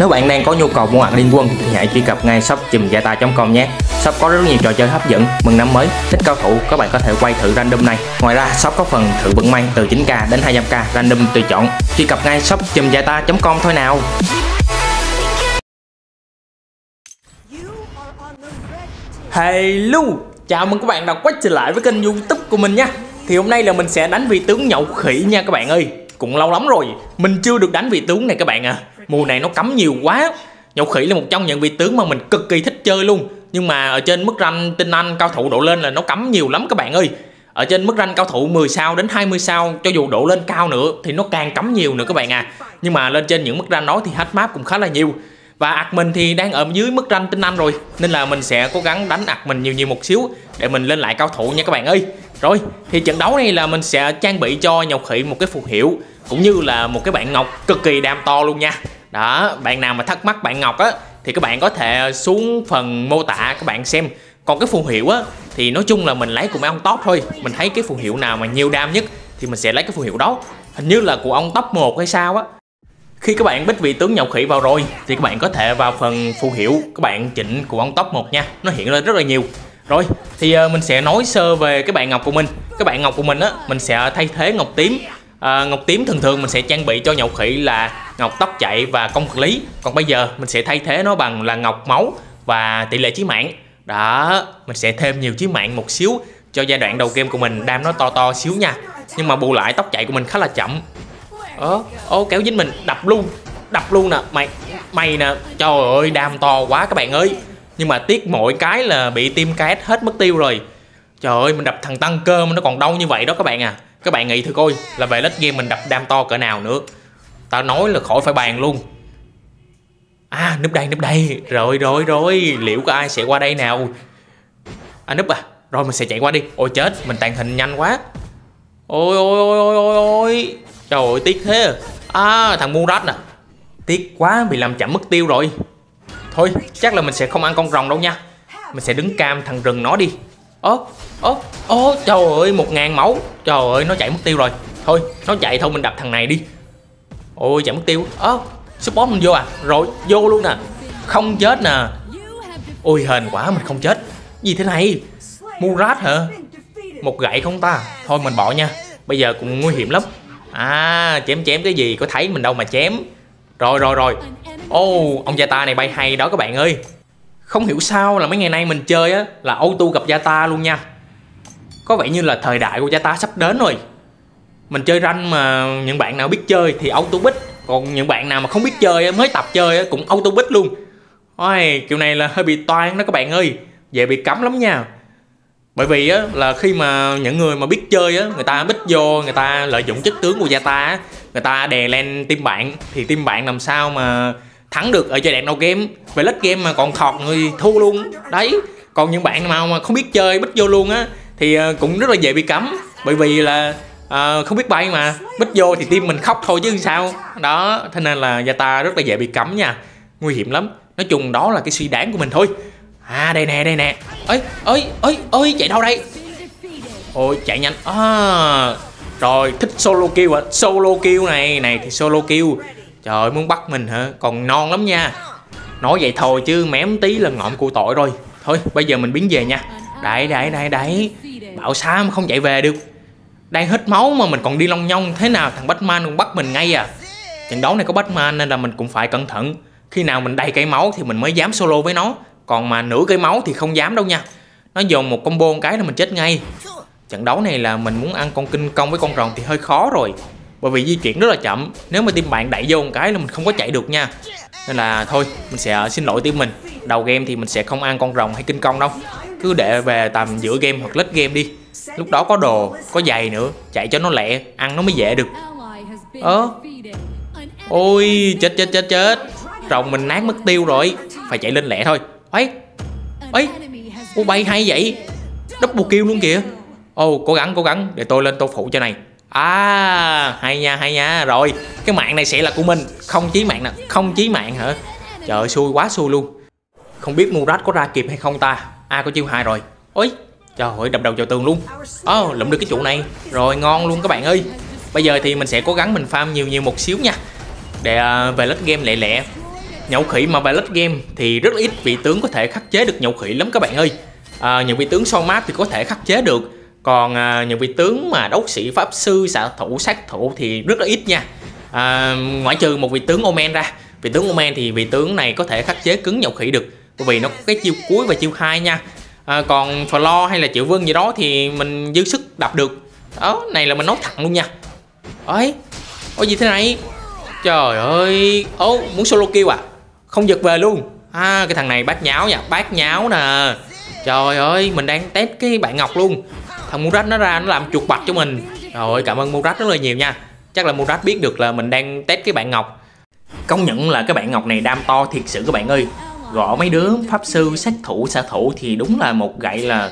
Nếu bạn đang có nhu cầu mua hàng liên quân thì hãy truy cập ngay shop chùm com nhé. Shop có rất nhiều trò chơi hấp dẫn, mừng năm mới, thích cao thủ các bạn có thể quay thử random này. Ngoài ra shop có phần thử vận may từ 9k đến 200k random tùy chọn. Truy cập ngay shop chùm com thôi nào. Hello, chào mừng các bạn đã quay trở lại với kênh youtube của mình nha Thì hôm nay là mình sẽ đánh vị tướng nhậu khỉ nha các bạn ơi cũng lâu lắm rồi mình chưa được đánh vị tướng này các bạn à mùa này nó cấm nhiều quá nhậu khỉ là một trong những vị tướng mà mình cực kỳ thích chơi luôn nhưng mà ở trên mức ranh tinh anh cao thủ độ lên là nó cấm nhiều lắm các bạn ơi ở trên mức ranh cao thủ 10 sao đến 20 sao cho dù độ lên cao nữa thì nó càng cấm nhiều nữa các bạn à nhưng mà lên trên những mức ranh đó thì hack map cũng khá là nhiều và admin thì đang ở dưới mức ranh tinh anh rồi nên là mình sẽ cố gắng đánh admin nhiều nhiều một xíu để mình lên lại cao thủ nha các bạn ơi rồi thì trận đấu này là mình sẽ trang bị cho nhậu khỉ một cái phù hiệu cũng như là một cái bạn ngọc cực kỳ đam to luôn nha đó bạn nào mà thắc mắc bạn ngọc á thì các bạn có thể xuống phần mô tả các bạn xem còn cái phù hiệu á thì nói chung là mình lấy của mấy ông top thôi mình thấy cái phù hiệu nào mà nhiều đam nhất thì mình sẽ lấy cái phù hiệu đó hình như là của ông top 1 hay sao á khi các bạn bích vị tướng nhậu khỉ vào rồi thì các bạn có thể vào phần phù hiệu các bạn chỉnh của ông top 1 nha nó hiện lên rất là nhiều rồi thì ờ, mình sẽ nói sơ về cái bạn ngọc của mình cái bạn ngọc của mình á mình sẽ thay thế ngọc tím à, ngọc tím thường thường mình sẽ trang bị cho nhậu khỉ là ngọc tóc chạy và công vật lý còn bây giờ mình sẽ thay thế nó bằng là ngọc máu và tỷ lệ chí mạng đó mình sẽ thêm nhiều chí mạng một xíu cho giai đoạn đầu game của mình đam nó to to xíu nha nhưng mà bù lại tóc chạy của mình khá là chậm ớ ô kéo dính mình đập luôn đập luôn nè mày mày nè trời ơi đam to quá các bạn ơi nhưng mà tiếc mỗi cái là bị tim cát hết mất tiêu rồi trời ơi mình đập thằng tăng cơ mà nó còn đau như vậy đó các bạn à các bạn nghĩ thử coi là về lết game mình đập đam to cỡ nào nữa tao nói là khỏi phải bàn luôn à núp đây núp đây rồi rồi rồi liệu có ai sẽ qua đây nào à núp à rồi mình sẽ chạy qua đi ôi chết mình tàn hình nhanh quá ôi ôi ôi ôi ôi ôi trời ơi tiếc thế à thằng buôn rách nè tiếc quá bị làm chậm mất tiêu rồi thôi chắc là mình sẽ không ăn con rồng đâu nha mình sẽ đứng cam thằng rừng nó đi ớ ớ ố trời ơi một ngàn máu trời ơi nó chạy mất tiêu rồi thôi nó chạy thôi mình đập thằng này đi ôi chạy mất tiêu ớ support mình vô à rồi vô luôn nè không chết nè ôi hên quá mình không chết gì thế này murat hả một gậy không ta thôi mình bỏ nha bây giờ cũng nguy hiểm lắm à chém chém cái gì có thấy mình đâu mà chém rồi rồi rồi ô oh, ông gia ta này bay hay đó các bạn ơi không hiểu sao là mấy ngày nay mình chơi á là auto gặp Zata luôn nha có vẻ như là thời đại của Zata sắp đến rồi mình chơi ranh mà những bạn nào biết chơi thì auto bích còn những bạn nào mà không biết chơi mới tập chơi cũng auto bích luôn Ôi, kiểu này là hơi bị toan đó các bạn ơi về bị cấm lắm nha Bởi vì á, là khi mà những người mà biết chơi á, Người ta bích vô, người ta lợi dụng chất tướng của gia ta Người ta đè lên team bạn Thì team bạn làm sao mà thắng được ở giai đoạn đầu game về lết game mà còn thọt người thua luôn đấy còn những bạn nào mà không biết chơi bích vô luôn á thì ờ, cũng rất là dễ bị cấm bởi vì là uh, không biết bay mà bích vô thì tim mình khóc thôi chứ sao đó thế nên là gia ta rất là dễ bị cấm nha nguy hiểm lắm nói chung đó là cái suy đoán của mình thôi à đây nè đây nè ơi ơi ơi ơi chạy đâu đây ôi chạy nhanh à, rồi thích solo kill à solo kill này này thì solo kill Trời ơi muốn bắt mình hả Còn non lắm nha Nói vậy thôi chứ mém tí là ngọn cụ tội rồi Thôi bây giờ mình biến về nha Đấy đấy đấy đấy Bảo sao mà không chạy về được Đang hết máu mà mình còn đi long nhong Thế nào thằng Batman cũng bắt mình ngay à Trận đấu này có Batman nên là mình cũng phải cẩn thận Khi nào mình đầy cây máu thì mình mới dám solo với nó Còn mà nửa cây máu thì không dám đâu nha Nó dồn một combo một cái là mình chết ngay Trận đấu này là mình muốn ăn con kinh công với con rồng thì hơi khó rồi bởi vì di chuyển rất là chậm nếu mà team bạn đẩy vô một cái là mình không có chạy được nha nên là thôi mình sẽ xin lỗi team mình đầu game thì mình sẽ không ăn con rồng hay kinh công đâu cứ để về tầm giữa game hoặc lết game đi lúc đó có đồ có giày nữa chạy cho nó lẹ ăn nó mới dễ được ơ ờ. ôi chết chết chết chết rồng mình nát mất tiêu rồi phải chạy lên lẹ thôi ấy ấy ô bay hay vậy double kill luôn kìa ô cố gắng cố gắng để tôi lên tô phụ cho này À hay nha hay nha Rồi cái mạng này sẽ là của mình Không chí mạng nè Không chí mạng hả Trời xui quá xui luôn Không biết Murat có ra kịp hay không ta À có chiêu hài rồi Ôi Trời ơi đập đầu vào tường luôn Ồ oh, lụm được cái trụ này Rồi ngon luôn các bạn ơi Bây giờ thì mình sẽ cố gắng mình farm nhiều nhiều một xíu nha Để uh, về lết game lẹ lẹ Nhậu khỉ mà về lết game thì rất ít vị tướng có thể khắc chế được nhậu khỉ lắm các bạn ơi à, Những vị tướng soi map thì có thể khắc chế được còn à, những vị tướng mà đấu sĩ pháp sư xạ thủ sát thủ thì rất là ít nha à, ngoại trừ một vị tướng omen ra vị tướng omen thì vị tướng này có thể khắc chế cứng nhậu khỉ được bởi vì nó có cái chiêu cuối và chiêu hai nha à, còn flo hay là triệu vương gì đó thì mình dư sức đập được đó này là mình nói thẳng luôn nha ấy có gì thế này trời ơi ố muốn solo kêu à không giật về luôn à cái thằng này bát nháo nha bát nháo nè trời ơi mình đang test cái bạn ngọc luôn thằng Murat nó ra nó làm chuột bạch cho mình rồi cảm ơn Murat rất là nhiều nha chắc là Murat biết được là mình đang test cái bạn Ngọc công nhận là cái bạn Ngọc này đam to thiệt sự các bạn ơi gõ mấy đứa pháp sư sát thủ xạ thủ thì đúng là một gậy là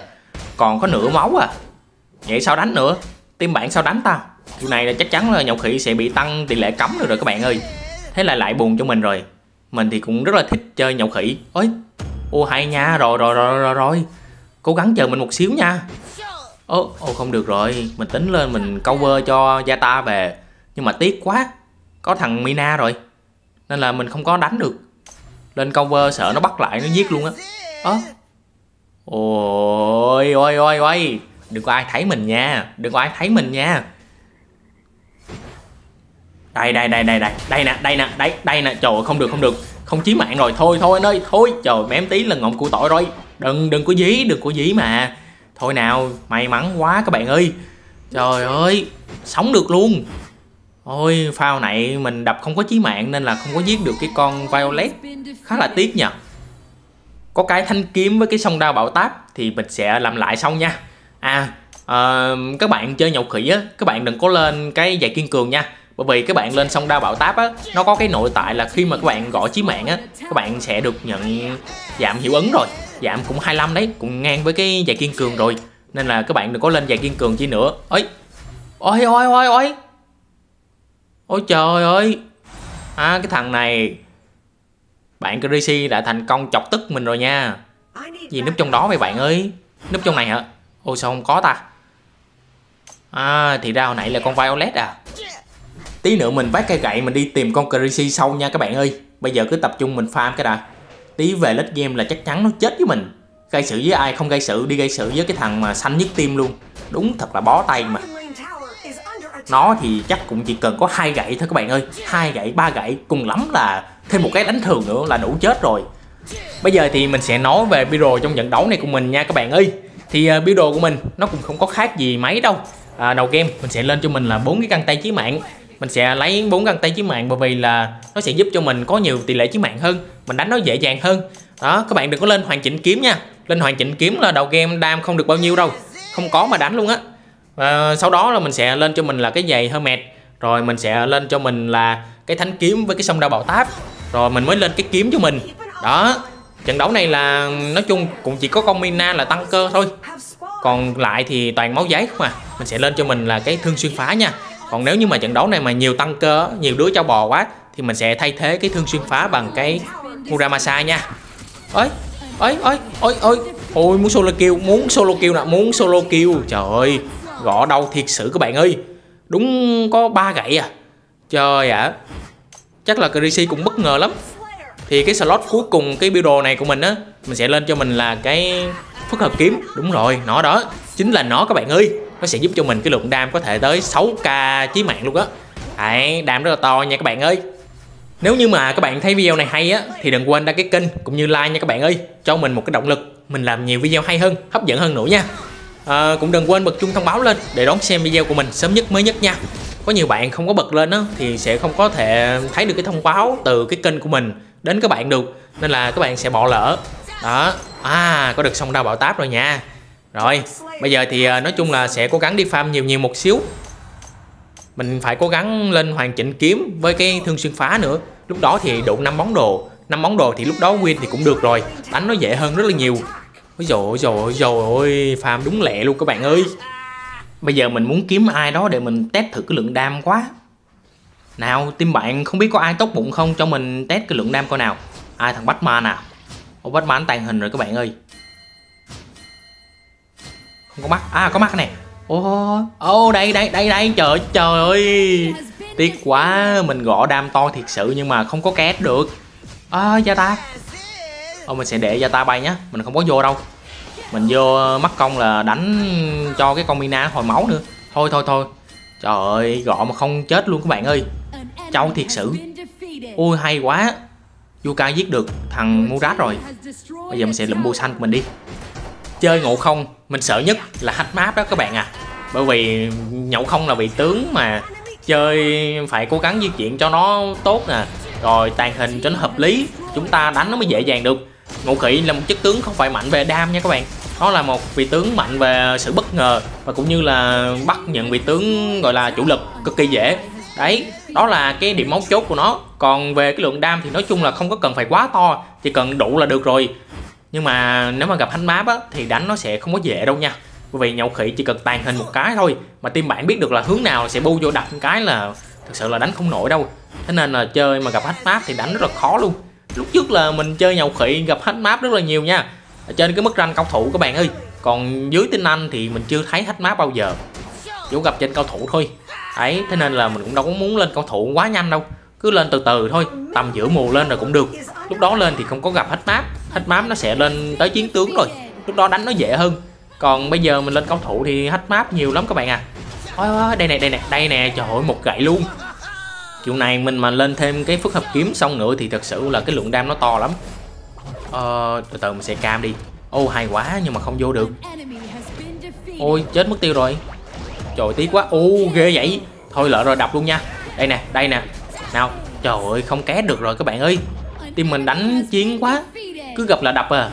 còn có nửa máu à vậy sao đánh nữa tim bạn sao đánh tao điều này là chắc chắn là nhậu khỉ sẽ bị tăng tỷ lệ cấm được rồi các bạn ơi thế là lại buồn cho mình rồi mình thì cũng rất là thích chơi nhậu khỉ ôi ô hay nha rồi rồi rồi rồi rồi cố gắng chờ mình một xíu nha ồ không được rồi mình tính lên mình cover cho gia ta về nhưng mà tiếc quá có thằng mina rồi nên là mình không có đánh được lên cover sợ nó bắt lại nó giết luôn á ơ ôi ôi ôi ôi đừng có ai thấy mình nha đừng có ai thấy mình nha đây đây đây đây đây đây nè đây nè đây đây nè trời ơi, không được không được không chí mạng rồi thôi thôi anh ơi thôi trời mém tí là ngọng cụ tội rồi đừng đừng có dí đừng có dí mà Thôi nào, may mắn quá các bạn ơi Trời ơi, sống được luôn Ôi, phao này mình đập không có chí mạng nên là không có giết được cái con Violet Khá là tiếc nhỉ Có cái thanh kiếm với cái sông đao bảo táp thì mình sẽ làm lại sau nha À, uh, các bạn chơi nhậu khỉ á, các bạn đừng có lên cái giày kiên cường nha bởi vì các bạn lên sông đao bảo táp á nó có cái nội tại là khi mà các bạn gõ chí mạng á các bạn sẽ được nhận giảm hiệu ứng rồi dạ em cũng 25 đấy cũng ngang với cái giải kiên cường rồi nên là các bạn đừng có lên giải kiên cường chi nữa ấy ôi ôi ôi ôi ôi trời ơi à cái thằng này bạn Grisi đã thành công chọc tức mình rồi nha gì núp trong đó vậy bạn ơi núp trong này hả ôi sao không có ta à thì ra hồi nãy là con Violet à tí nữa mình vác cây gậy mình đi tìm con Grisi sau nha các bạn ơi bây giờ cứ tập trung mình farm cái đã tí về lít game là chắc chắn nó chết với mình gây sự với ai không gây sự đi gây sự với cái thằng mà xanh nhất tim luôn đúng thật là bó tay mà nó thì chắc cũng chỉ cần có hai gậy thôi các bạn ơi hai gậy ba gậy cùng lắm là thêm một cái đánh thường nữa là đủ chết rồi bây giờ thì mình sẽ nói về biro trong trận đấu này của mình nha các bạn ơi thì uh, à, biểu của mình nó cũng không có khác gì mấy đâu à, đầu game mình sẽ lên cho mình là bốn cái găng tay chí mạng mình sẽ lấy bốn găng tay chiến mạng bởi vì là nó sẽ giúp cho mình có nhiều tỷ lệ chiến mạng hơn mình đánh nó dễ dàng hơn đó các bạn đừng có lên hoàn chỉnh kiếm nha lên hoàn chỉnh kiếm là đầu game đam không được bao nhiêu đâu không có mà đánh luôn á à, sau đó là mình sẽ lên cho mình là cái giày mệt, rồi mình sẽ lên cho mình là cái thánh kiếm với cái sông đao bảo táp rồi mình mới lên cái kiếm cho mình đó trận đấu này là nói chung cũng chỉ có con mina là tăng cơ thôi còn lại thì toàn máu giấy mà, mình sẽ lên cho mình là cái thương xuyên phá nha còn nếu như mà trận đấu này mà nhiều tăng cơ nhiều đứa cho bò quá thì mình sẽ thay thế cái thương xuyên phá bằng cái Muramasa nha ơi, ơi, ơi, ơi, ơi, ôi muốn solo kill muốn solo kill nè muốn solo kill trời ơi gõ đau thiệt sự các bạn ơi đúng có ba gậy à trời ạ à. chắc là Kirisi cũng bất ngờ lắm thì cái slot cuối cùng cái biểu đồ này của mình á mình sẽ lên cho mình là cái phức hợp kiếm đúng rồi nó đó chính là nó các bạn ơi nó sẽ giúp cho mình cái lượng đam có thể tới 6k chí mạng luôn á đấy đam rất là to nha các bạn ơi nếu như mà các bạn thấy video này hay á thì đừng quên đăng ký kênh cũng như like nha các bạn ơi cho mình một cái động lực mình làm nhiều video hay hơn hấp dẫn hơn nữa nha à, cũng đừng quên bật chuông thông báo lên để đón xem video của mình sớm nhất mới nhất nha có nhiều bạn không có bật lên á thì sẽ không có thể thấy được cái thông báo từ cái kênh của mình đến các bạn được nên là các bạn sẽ bỏ lỡ đó à có được xong đau bảo táp rồi nha rồi bây giờ thì à, nói chung là sẽ cố gắng đi farm nhiều nhiều một xíu Mình phải cố gắng lên hoàn chỉnh kiếm với cái thương xuyên phá nữa Lúc đó thì đủ 5 món đồ 5 món đồ thì lúc đó win thì cũng được rồi Đánh nó dễ hơn rất là nhiều Ôi dồi ôi dồi ôi dồi ôi Farm đúng lẹ luôn các bạn ơi Bây giờ mình muốn kiếm ai đó để mình test thử cái lượng đam quá Nào team bạn không biết có ai tốt bụng không cho mình test cái lượng đam coi nào Ai thằng Batman à Ủa Batman tàn hình rồi các bạn ơi không có mắt à có mắt này, ô ô đây đây đây đây trời trời ơi tiếc quá mình gõ đam to thiệt sự nhưng mà không có két được à, gia ta ô mình sẽ để gia ta bay nhá mình không có vô đâu mình vô ờ, mắt công là đánh cho cái con mina hồi máu nữa thôi thôi thôi trời ơi gõ mà không chết luôn các bạn ơi châu thiệt sự ui hay quá Yuka giết được thằng Murat rồi Bây giờ mình sẽ lụm bù xanh của mình đi Chơi ngộ không mình sợ nhất là hack map đó các bạn à bởi vì nhậu không là vị tướng mà chơi phải cố gắng di chuyển cho nó tốt nè à. rồi tàn hình cho nó hợp lý chúng ta đánh nó mới dễ dàng được ngũ khỉ là một chất tướng không phải mạnh về đam nha các bạn nó là một vị tướng mạnh về sự bất ngờ và cũng như là bắt nhận vị tướng gọi là chủ lực cực kỳ dễ đấy đó là cái điểm mấu chốt của nó còn về cái lượng đam thì nói chung là không có cần phải quá to chỉ cần đủ là được rồi nhưng mà nếu mà gặp hánh máp á, thì đánh nó sẽ không có dễ đâu nha bởi vì nhậu khỉ chỉ cần tàn hình một cái thôi mà team bạn biết được là hướng nào sẽ bu vô đập một cái là thực sự là đánh không nổi đâu thế nên là chơi mà gặp hack máp thì đánh rất là khó luôn lúc trước là mình chơi nhậu khỉ gặp hack máp rất là nhiều nha ở trên cái mức ranh cao thủ các bạn ơi còn dưới tinh anh thì mình chưa thấy hack máp bao giờ chỉ gặp trên cao thủ thôi ấy thế nên là mình cũng đâu có muốn lên cao thủ quá nhanh đâu cứ lên từ từ thôi tầm giữa mùa lên rồi cũng được lúc đó lên thì không có gặp hết map hách map nó sẽ lên tới chiến tướng rồi lúc đó đánh nó dễ hơn còn bây giờ mình lên cầu thủ thì hách map nhiều lắm các bạn à ôi, ôi đây nè đây nè đây nè trời ơi một gậy luôn kiểu này mình mà lên thêm cái phức hợp kiếm xong nữa thì thật sự là cái lượng đam nó to lắm ờ từ từ mình sẽ cam đi ô oh, hay quá nhưng mà không vô được ôi chết mất tiêu rồi trời tiếc quá ô ghê vậy thôi lỡ rồi đập luôn nha đây nè đây nè nào trời ơi không ké được rồi các bạn ơi tim mình đánh chiến quá cứ gặp là đập à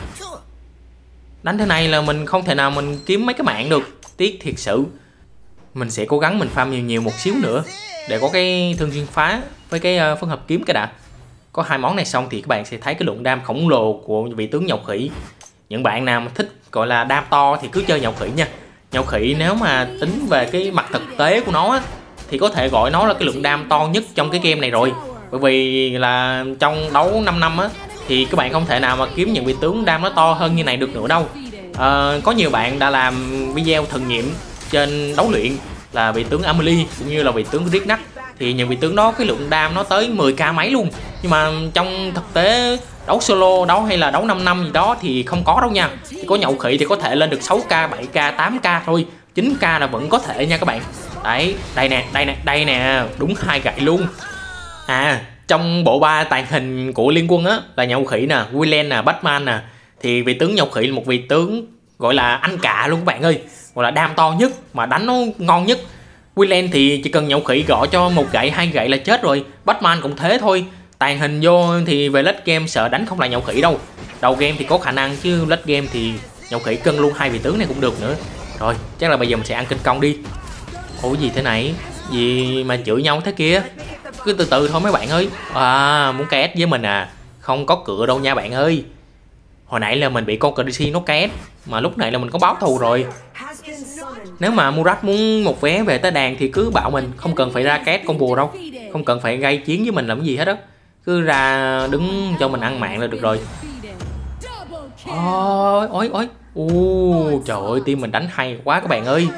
đánh thế này là mình không thể nào mình kiếm mấy cái mạng được tiếc thiệt sự mình sẽ cố gắng mình farm nhiều nhiều một xíu nữa để có cái thương xuyên phá với cái ờ, phân hợp kiếm cái đã có hai món này xong thì các bạn sẽ thấy cái lượng đam khổng lồ của vị tướng nhậu khỉ những bạn nào mà thích gọi là đam to thì cứ chơi nhậu khỉ nha nhậu khỉ nếu mà tính về cái mặt thực tế của nó á, thì có thể gọi nó là cái lượng đam to nhất trong cái game này rồi bởi vì là trong đấu 5 năm á thì các bạn không thể nào mà kiếm những vị tướng đam nó to hơn như này được nữa đâu à, có nhiều bạn đã làm video thần nghiệm trên đấu luyện là vị tướng Amelie cũng như là vị tướng Rignac thì những vị tướng đó cái lượng đam nó tới 10k mấy luôn nhưng mà trong thực tế đấu solo đấu hay là đấu 5 năm gì đó thì không có đâu nha chỉ có nhậu khỉ thì có thể lên được 6k 7k 8k thôi 9k là vẫn có thể nha các bạn đấy đây nè đây nè đây nè đúng hai gậy luôn à trong bộ ba tàn hình của liên quân á là nhậu khỉ nè Willen nè Batman nè thì vị tướng nhậu khỉ là một vị tướng gọi là anh cả luôn các bạn ơi gọi là đam to nhất mà đánh nó ngon nhất Willen thì chỉ cần nhậu khỉ gõ cho một gậy hai gậy là chết rồi Batman cũng thế thôi tàn hình vô thì về late game sợ đánh không lại nhậu khỉ đâu đầu game thì có khả năng chứ late game thì nhậu khỉ cân luôn hai vị tướng này cũng được nữa rồi chắc là bây giờ mình sẽ ăn kinh công đi ủa gì thế này gì mà chửi nhau thế kia cứ từ từ thôi mấy bạn ơi à muốn két với mình à không có cửa đâu nha bạn ơi hồi nãy là mình bị con Crazy nó két mà lúc này là mình có báo thù rồi nếu mà Murat muốn một vé về tới đàn thì cứ bảo mình không cần phải ra két con bùa đâu không cần phải gây chiến với mình làm gì hết á cứ ra đứng cho mình ăn mạng là được rồi ôi ôi ôi u trời ơi tim mình đánh hay quá các bạn ơi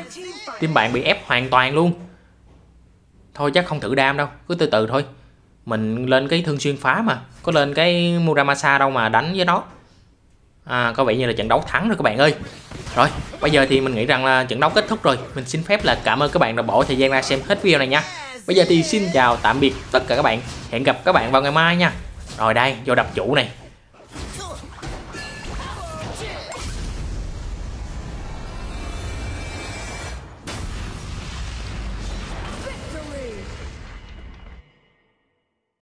tim bạn bị ép hoàn toàn luôn thôi chắc không thử đam đâu cứ từ từ thôi mình lên cái thương xuyên phá mà có lên cái Muramasa đâu mà đánh với nó à, có vẻ như là trận đấu thắng rồi các bạn ơi rồi bây giờ thì mình nghĩ rằng là trận đấu kết thúc rồi mình xin phép là cảm ơn các bạn đã bỏ thời gian ra xem hết video này nha bây giờ thì xin chào tạm biệt tất cả các bạn hẹn gặp các bạn vào ngày mai nha rồi đây vô đập chủ này